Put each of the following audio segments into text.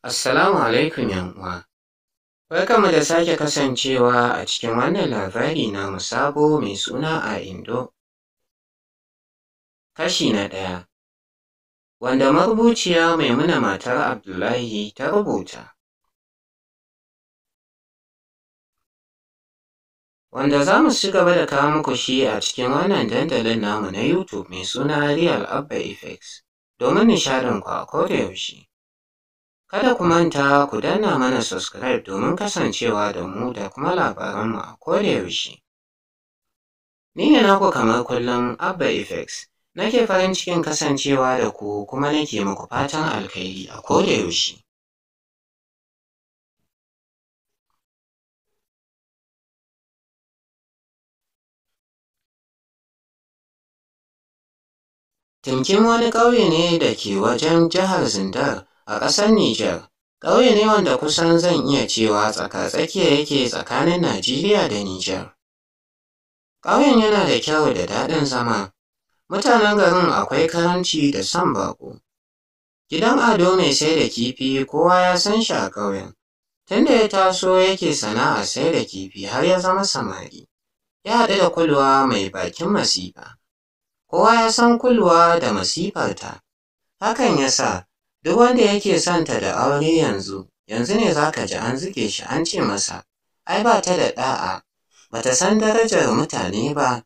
Assalamu alaikum uwa. Barkanmu da sake kasancewa a cikin wannan labari na sabo mai suna a Indo. Kashi na ɗaya wanda marubuciya Maimuna matar Abdullahi ta rubuta. wanda za mu ci gaba da kawo muku shi a cikin wannan dandalin namu na YouTube mai suna Real Abba Effects domin nishaɗinku a yaushe. Kada ku manta ku danna mana subscribe domin kasancewa da mu da kuma labaran mu a yaushe. Ni ne naku kamar kullum Abba Effects nake farin cikin kasancewa da ku kuma nake muku fatan alkhairi a yaushe. Tumkin wani ƙauye ne da ke wajen jihar Zindar a ƙasar Nijar. Ƙauye ne wanda kusan zan iya cewa tsaka-tsakiya yake tsakanin Najeriya da Nijar. Ƙauyen yana da kyau da daɗin zama. Mutanen garin akwai karamci da son baƙo. Gidan Ado mai sai da kifi kowa ya san shi a ƙauyen. Tunda ya taso yake sana'a sai da kifi har ya zama samari. Ya haɗu da kulwa mai bakin masifa. kowa ya san kulwa da masifarta. Hakan ya sa, duk wanda yake son ta da aure yanzu, yanzu ne za ka ji an zuge shi an ce masa, ai ba ta da ɗa'a, ba ta san darajar mutane ba,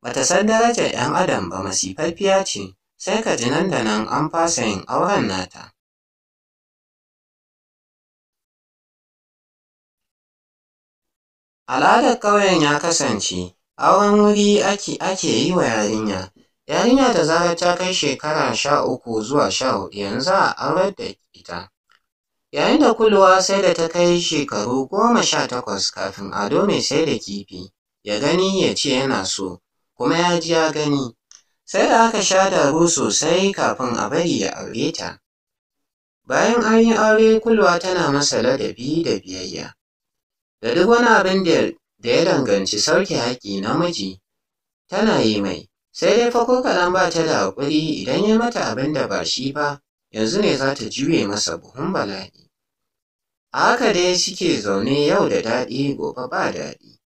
ba ta san darajar ‘yan adam ba masifaffiya ce, sai ka ji nan da nan an fasa yin auren nata. Al'adar ƙauyen ya kasance, auren wuri ake yi wa yarinya Yarinya da zarar ta kai shekara sha uku zuwa sha hudu yanzu a aurar da ita. Yayin da kulwa sai da ta kai shekaru goma sha takwas kafin ado mai sai da kifi ya gani ya ce yana so, kuma ya ji ya gani. Sai da aka sha daru sosai kafin a bari ya aure ta. Bayan an yi aure kulwa tana masa ladabi da biyayya. Da duk wani abin da ya danganci sauke haƙi namiji tana yi mai. Sai dai fa ko kaɗan ba ta da haƙuri idan ya mata abin da ba shi ba, yanzu ne za ta juye masa buhun bala'i. A haka dai suke zaune yau da daɗi gobe ba daɗi.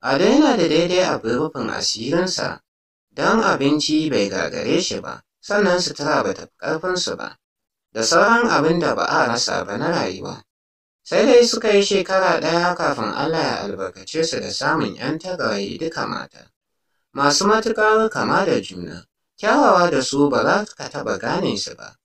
Ado yana da daidai abin rufin asirinsa, don abinci bai gagare shi ba, sannan sutura ba ta ƙarfinsu ba, da sauran abin da ba a rasa ba na rayuwa. Sai dai suka yi shekara ɗaya kafin Allah ya albarkace su da samun ‘yan tagawaye duka mata. masu matuƙar kama da juna, kyawawa da su ba za ka taɓa gane su ba.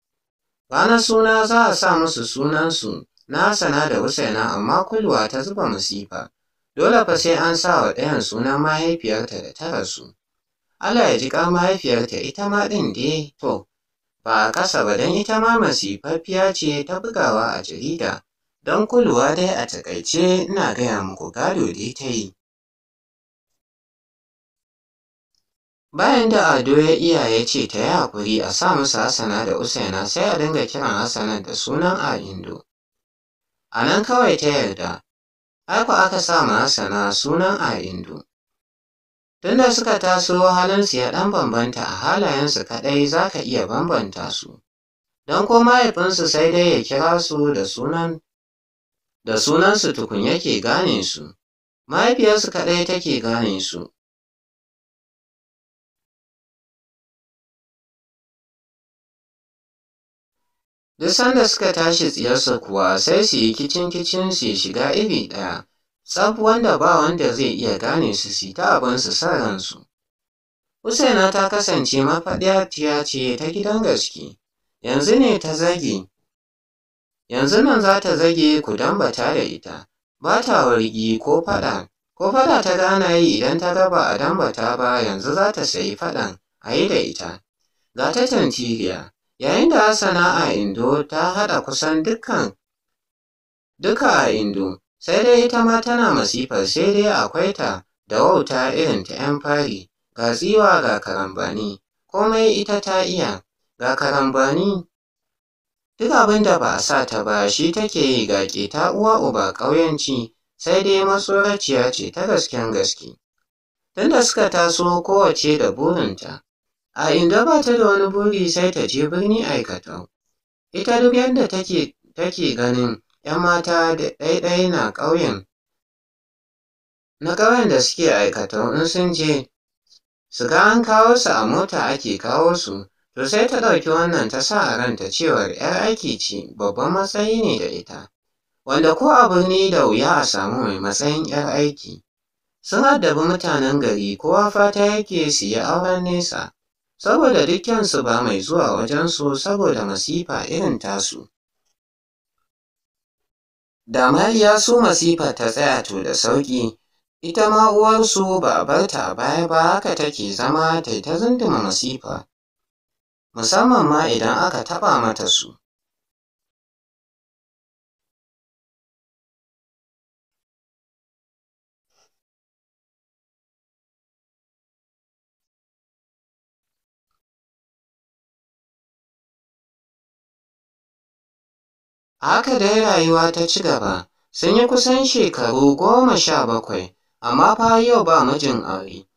bana suna za a sa musu sunansu na sana da Husaina amma kulwa ta zuba masifa. Dole fa sai an sa wa ɗayan suna mahaifiyarta da ta rasu. Allah ya ji ƙar mahaifiyarta ita ma ɗin de to, ba a ƙasa ba don ita ma masifaffiya ce ta bugawa a jarida. Don kulwa dai a taƙaice ina gaya muku gado da ta yi. Bayan da Ado ya iya ya ce ta yi haƙuri a sa musu Hassana da Usaina sai a dinga kiran Hassana da sunan a Indo. A nan kawai ta yarda, haka aka sa ma Hassana sunan a Indo. Tunda suka taso su ya ɗan bambanta a halayensu kaɗai za ka iya bambanta su, don ko mahaifinsu sai dai ya kira su da sunan da sunansu tukun yake gane su, mahaifiyarsu kaɗai take gane su. Duk sanda suka tashi tsiyarsa kuwa sai su yi kicin-kicin su shiga iri ɗaya, tsaf wanda ba wanda zai iya gane su su ta su sa ransu. Usaina ta kasance mafaɗiya ce ta gidan gaske, yanzu ne ta zage. Yanzu nan za ta zage ku dambata da ita, ba ta wargi ko faɗa. Ko faɗa ta gana yi idan ta gaba a dambata ba yanzu za ta sayi faɗan a yi da ita. Ga ta tantiriya, yayin da Hassana a Indo ta haɗa kusan dukkan duka a Indo, sai dai ita ma tana masifar sai dai akwai ta da wauta irin ta 'yan fari, ga tsiwa ga karambani, komai ita ta iya, ga karambani. Duk abin da ba a sa ta ba shi take yi ga ta uwa uba ƙauyenci, sai dai masoraciya ce ta gasken gaske. Tunda suka taso kowace da burinta, A inda ba ta da wani buri sai ta je birni aikatau. Ita duk yadda take take ganin ‘yan mata da ɗaiɗai na ƙauyen na ƙauyen da suke aikatau in sun je su ga an kawo su a mota ake kawo su to sai ta ɗauki wannan ta sa a ranta cewar ‘yar aiki ce babban matsayi ne da ita wanda ko a birni da wuya a samu mai matsayin ‘yar aiki sun addabi mutanen gari kowa fata yake su yi auren nesa saboda dukkansu ba mai zuwa wajensu saboda masifa irin tasu. Da mariya su masifa ta tsaya to da sauƙi, ita ma uwarsu ba a barta a baya ba haka take zama ta yi ta zunduma masifa, musamman ma idan aka taɓa mata su. A haka dai rayuwa ta ci gaba, sun yi kusan shekaru goma sha bakwai, amma fa yau ba mijin aure.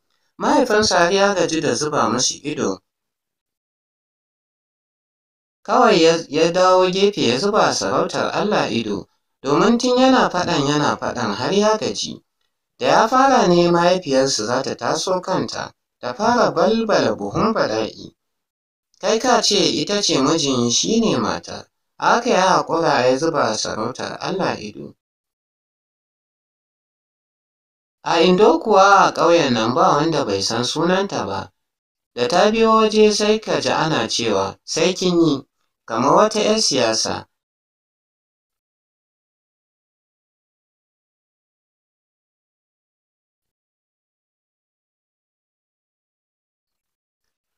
Mahaifinsa har ya gaji da zuba musu ido. Kawai ya dawo gefe ya zuba sarautar Allah ido, domin tun yana faɗan yana faɗan har ya gaji. Da ya fara ne mahaifiyarsu za ta taso kanta, ta fara balbala buhun bala'i. Kai ka ce ita ce mijin shi ne matar. A haka ya haƙura ya zuba sarautar Allah ido. A Indo kuwa a ƙauyen nan ba wanda bai san sunanta ba, da ta biyo waje sai ka ji ana cewa sai kin yi, kamar wata 'yar siyasa.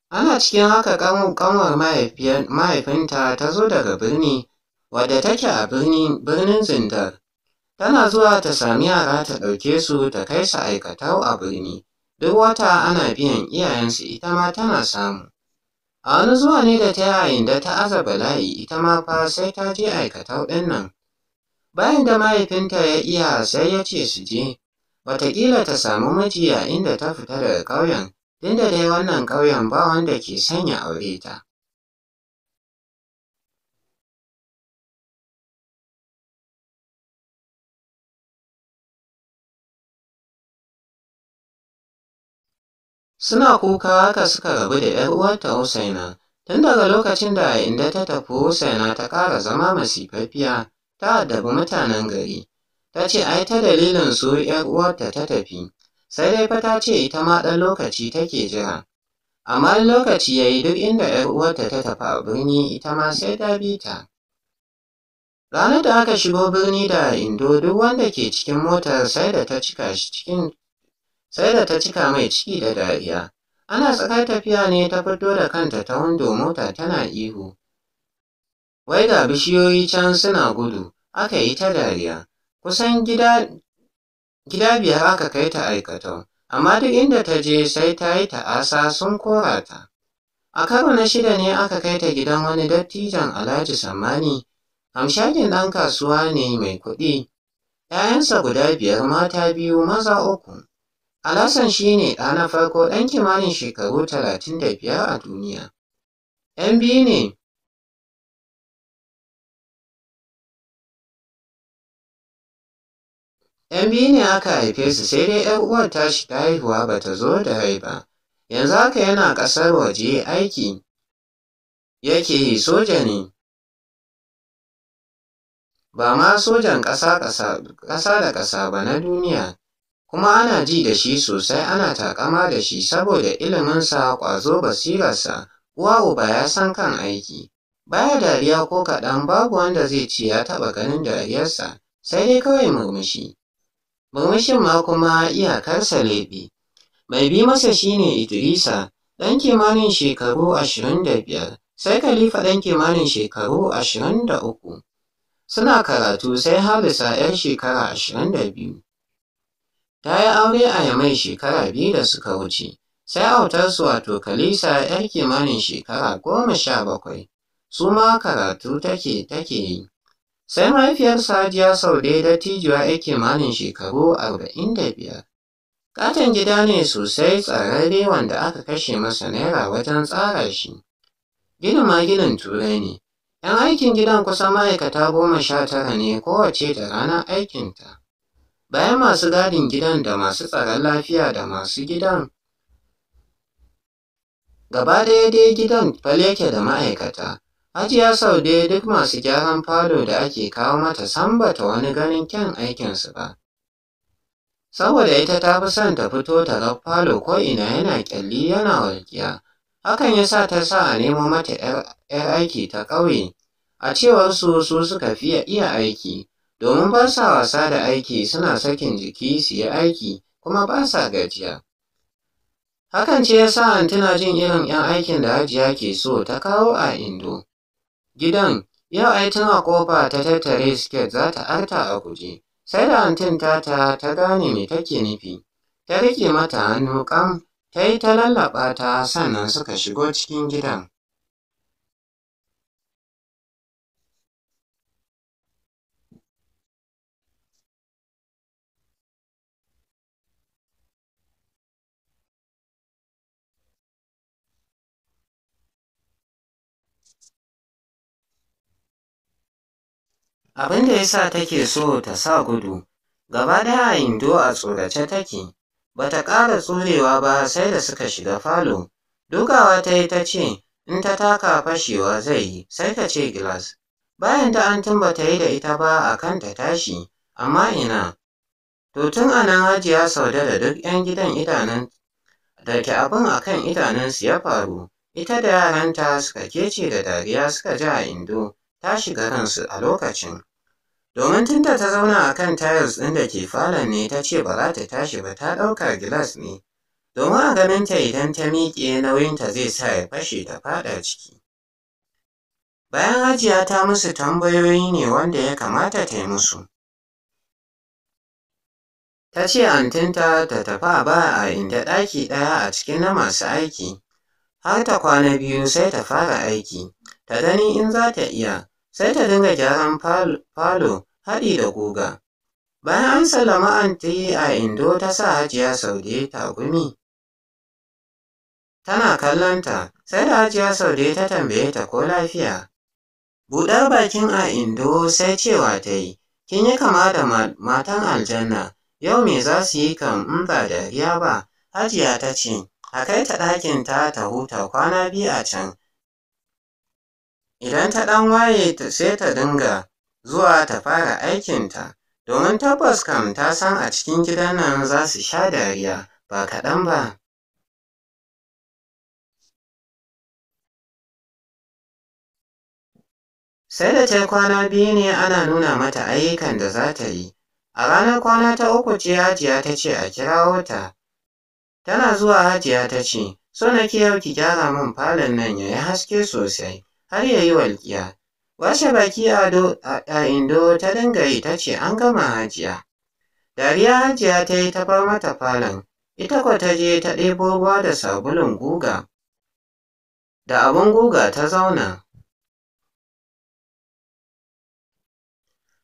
Ana cikin haka ƙanwar mahaifinta ta zo daga birni, wadda take a birnin Zindar. Tana zuwa ta sami yara ta ɗauke su ta kai su aikatau a birni. Duk wata ana biyan iyayensu ita ma tana samu. A wani zuwa ne da ta yayin da ta aza bala'i ita ma fa sai ta je aikatau ɗin nan. Bayan da mahaifinta ya iya sai ya ce su je, wataƙila ta samu miji yayin da ta fita daga ƙauyen. Inda dai wannan ƙauyen ba wanda ke sanya aure ta. Suna kuka haka suka rabu da ‘yar uwarta Husaina, tun daga lokacin da a inda ta tafi Husaina ta ƙara zama masifaffiya ta addabi mutanen gari. Ta ce ai ta dalilin su ‘yar uwarta ta tafi, sai dai fa ta ce ita ma ɗan lokaci take jira. Amma lokaci ya yi duk inda ‘yar uwarta ta tafi a birni ita ma sai ta bi ta. Ranar da aka shigo birni da indo duk wanda ke cikin motar sai da ta cika shi cikin sai da ta cika mai ciki da dariya. Ana tsakar tafiya ne ta fito da kanta ta hundo mota tana ihu. Wai ga bishiyoyi can suna gudu, aka yi ta dariya. Kusan gida Gida biyar aka kai ta aikatau, amma duk inda ta je sai ta yi ta'asa sun kora ta. A karo na shida ne aka kai ta gidan wani dattijan Alhaji Sammani, hamshakin ɗan kasuwa ne mai kuɗi. ‘Ya'yansa guda biyar mata biyu maza uku. Alhassan shi ne ɗa na farko ɗan kimanin shekaru talatin da biyar a duniya. ‘Yan biyu ne 'Yan biyu ne aka haife su sai dai 'yar uwar tashi ta haihuwa ba ta zo da rai ba. Yanzu haka yana ƙasar waje aiki yake yi soja ne. Ba ma sojan ƙasa da ƙasa ba na duniya. Kuma ana ji da shi sosai ana taƙama da shi saboda iliminsa ƙwazo basirarsa. Uwa uba ya san kan aiki. Baya dariya ko kaɗan babu wanda zai ce ya taɓa ganin dariyarsa, sai dai kawai murmushi. murmushin ma kuma iyakarsa leɓe. Mai bi masa shine Idrisa, ɗan kimanin shekaru ashirin biyar, sai Khalifa ɗan kimanin shekaru ashirin uku. Suna karatu sai Halisa 'yar shekara ashirin da biyu. Ta yi aure a Yamai shekara biyu da suka wuce, sai su wato Kalisa 'yar kimanin shekara goma sha bakwai, su ma karatu take take yi. Sai mahaifiyar Sadiya Saude dattijuwa ya manin shekaru arba'in da biyar. Katon gida ne sosai tsararre wanda aka kashe masa naira wajen tsara shi. Ginin ma ginin turai ne. 'Yan aikin gidan kusan ma'aikata goma sha tara ne kowace da ranar aikinta. Bayan masu gadin gidan da masu tsaron lafiya da masu gidan, gaba ɗaya dai gidan fal yake da ma'aikata Hajiya Saude duk masu gyaran falo da ake kawo mata san bata wani ganin kyan aikinsu ba. Saboda ita ta fi son ta fito ta ga falo ko'ina yana ƙyalli yana walƙiya. Hakan ya sa ta sa a nemo mata 'yar aiki ta ƙauye. A cewar su su suka fi iya aiki, domin ba sa wasa da aiki suna sakin jiki su yi aiki kuma ba sa gajiya. Hakan ce ya sa tana jin irin 'yan aikin da Hajiya ke so ta kawo a Indo. gidan. Yau ai tun a ƙofa ta tattare siket za ta arta a guje. Sai da antin tata ta gane me take nufi. Ta riƙe mata hannu kam ta yi ta lallaɓata ta sannan suka shigo cikin gidan. abin da ya sa take so ta sa gudu gaba daya indo a tsorace take ta ƙara tsorewa ba sai da suka shiga falo dukawa ta yi ta ce in ta taka fashewa zai yi sai ta ce gilas bayan ta an tun ta yi da ita ba a kan ta tashi amma ina to tun a nan hajiya sau da duk 'yan gidan idanun da ke abin a kan idanunsu ya faru ita da yaranta suka kece da dariya suka ji a indo ta shiga kansu a lokacin. Domin tunta ta zauna a kan tiles ɗin da ke falon ne ta ce ba za ta tashi ba ta ɗauka gilas ne, domin a ganinta idan ta miƙe nauyinta zai sa ya fashe ta faɗa ciki. Bayan Hajiya ta musu tambayoyi ne wanda ya kamata ta yi musu. Ta ce antinta ta tafi a baya a inda ɗaki ɗaya a cikin na masu aiki, har ta kwana biyu sai ta fara aiki. ta gani in za ta iya, sai ta dinga gyaran falo haɗi da guga. Bayan an sallama anti a indo ta sa hajiya saude gumi? Tana kallonta, sai da hajiya saude ta tambaye ta ko lafiya. Buɗar bakin a indo sai cewa ta yi, kin yi kama da matan aljanna, yau me za su yi kan in ba dariya ba, hajiya ta ce, a kai ta ɗakin ta ta huta kwana biyu a can, Idan ta ɗan waye sai ta dinga zuwa ta fara aikinta, domin tabbas kam ta san a cikin gidan nan za su sha dariya ba kaɗan ba. Sai da ta kwana biyu ne ana nuna mata ayyukan da za ta yi. A ranar kwana ta uku ce Hajiya ta ce a kirawo ta. Tana zuwa Hajiya ta ce, so nake yau ki gyara min falon nan ya yi haske sosai. har ya yi walƙiya. Washe baki a indo ta dinga yi ta ce an gama hajiya. Dariya hajiya ta yi ta bar mata falon, ita kwa ta je ta ɗebo ruwa da sabulun guga. Da abin guga ta zauna.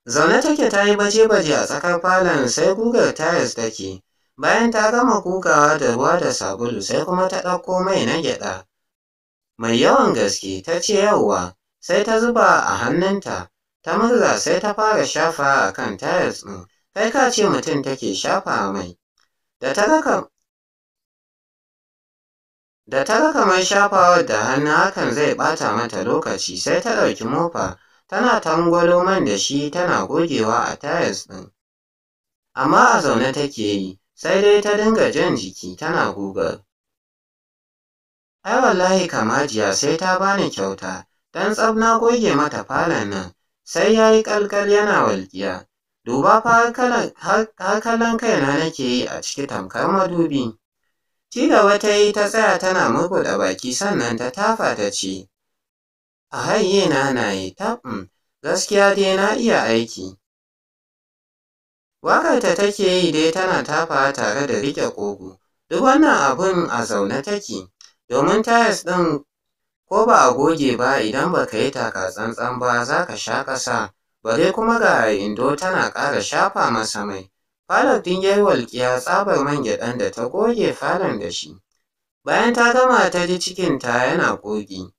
Zaune take ta yi baje-baje a tsakar falon sai gugar tayas take. Bayan ta gama gugawa da ruwa da sabulu sai kuma ta ɗauko mai na gyaɗa. mai yawan gaske ta ce yauwa sai ta zuba a hannunta ta murza sai ta fara shafa a kan tayas ɗin kai ka ce mutum take shafa mai da ta raka mai shafawar da hannu hakan zai ɓata mata lokaci sai ta ɗauki mofa tana tangwalo man da shi tana gogewa a tayas ɗin amma a zaune take yi sai dai ta dinga jan jiki tana gugar Ai wallahi kamajiya sai ta bani kyauta, dan tsabna goge mata falon nan, sai ya yi ƙalƙal yana walƙiya. Duba fa hakalan kaina nake yi a ciki tamkar madubi. Ci gaba ta yi ta tsaya tana da baki sannan ta tafa ta ce, A hayye na na yi taɓin, mm, gaskiya dai na iya aiki. Wakarta take yi dai tana tafa tare da riƙe ƙugu, duk wannan abun a zaune take. domin tayas ɗin ko ba a goge ba idan ba ka yi taka tsantsan ba za ka sha ƙasa bare kuma ga indo tana ƙara shafa masa mai falon ɗin ya yi walƙiya tsabar man gyaɗan da ta goge falon da shi bayan ta gama ta ji ta yana ƙogi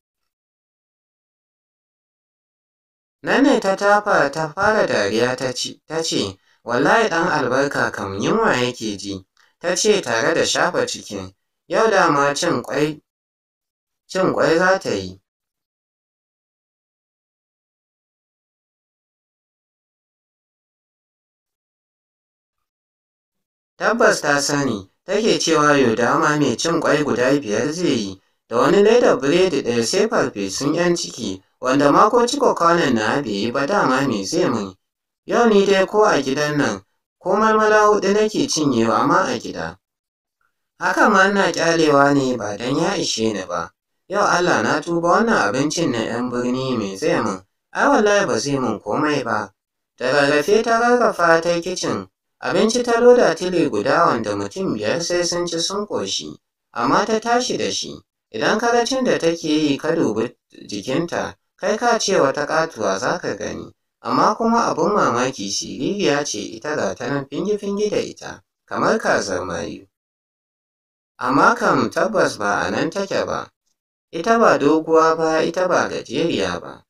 nan ne ta tafa ta fara dariya ta ce wallahi ɗan albarka kam yunwa yake ji ta ce tare da shafa cikin Yau da ma cin ƙwai za ta yi. Tabbas ta sani, take cewa Yodama mai cin ƙwai guda biyar zai yi, da wani ledar biredi ɗaya sai farfesun 'yan ciki, wanda ma ko ciko kwanan na bai yi ba dama mai zai mun. Yau ni dai ko a gidan nan, ko marmala huɗu nake cinyewa ma a gida. Haka ma ina ƙyalewa ne ba don ya ishe ni ba. Yau Allah na tuba wannan abincin na 'yan birni mai zai mun, ai wallahi ba zai mun komai ba. Da rarrafe ta rarrafa ta kicin, abinci ta loda tili guda wanda mutum biyar sai sun ci sun ƙoshi, amma ta tashi da shi. Idan karacin da take yi ka dubi jikinta, kai ka ce wata katuwa za ka gani, amma kuma abin mamaki siririya ce ita ga ta nan fingi da ita, kamar kazar mayu. Amma kam tabbas ba a nan take ba, ita ba doguwa ba ita ba gajeriya ba.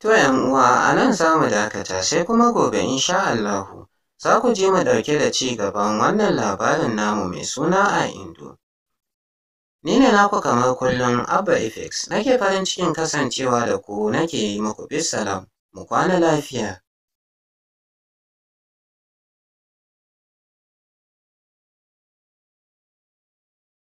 To 'yan uwa a nan za mu dakata sai kuma gobe in sha Allahu za ku je mu ɗauke da ci gaban wannan labarin namu mai suna a Indo. Ni ne naku kamar kullum Abba Ifex nake farin cikin kasancewa da ku nake yi muku bisalam mu kwana lafiya.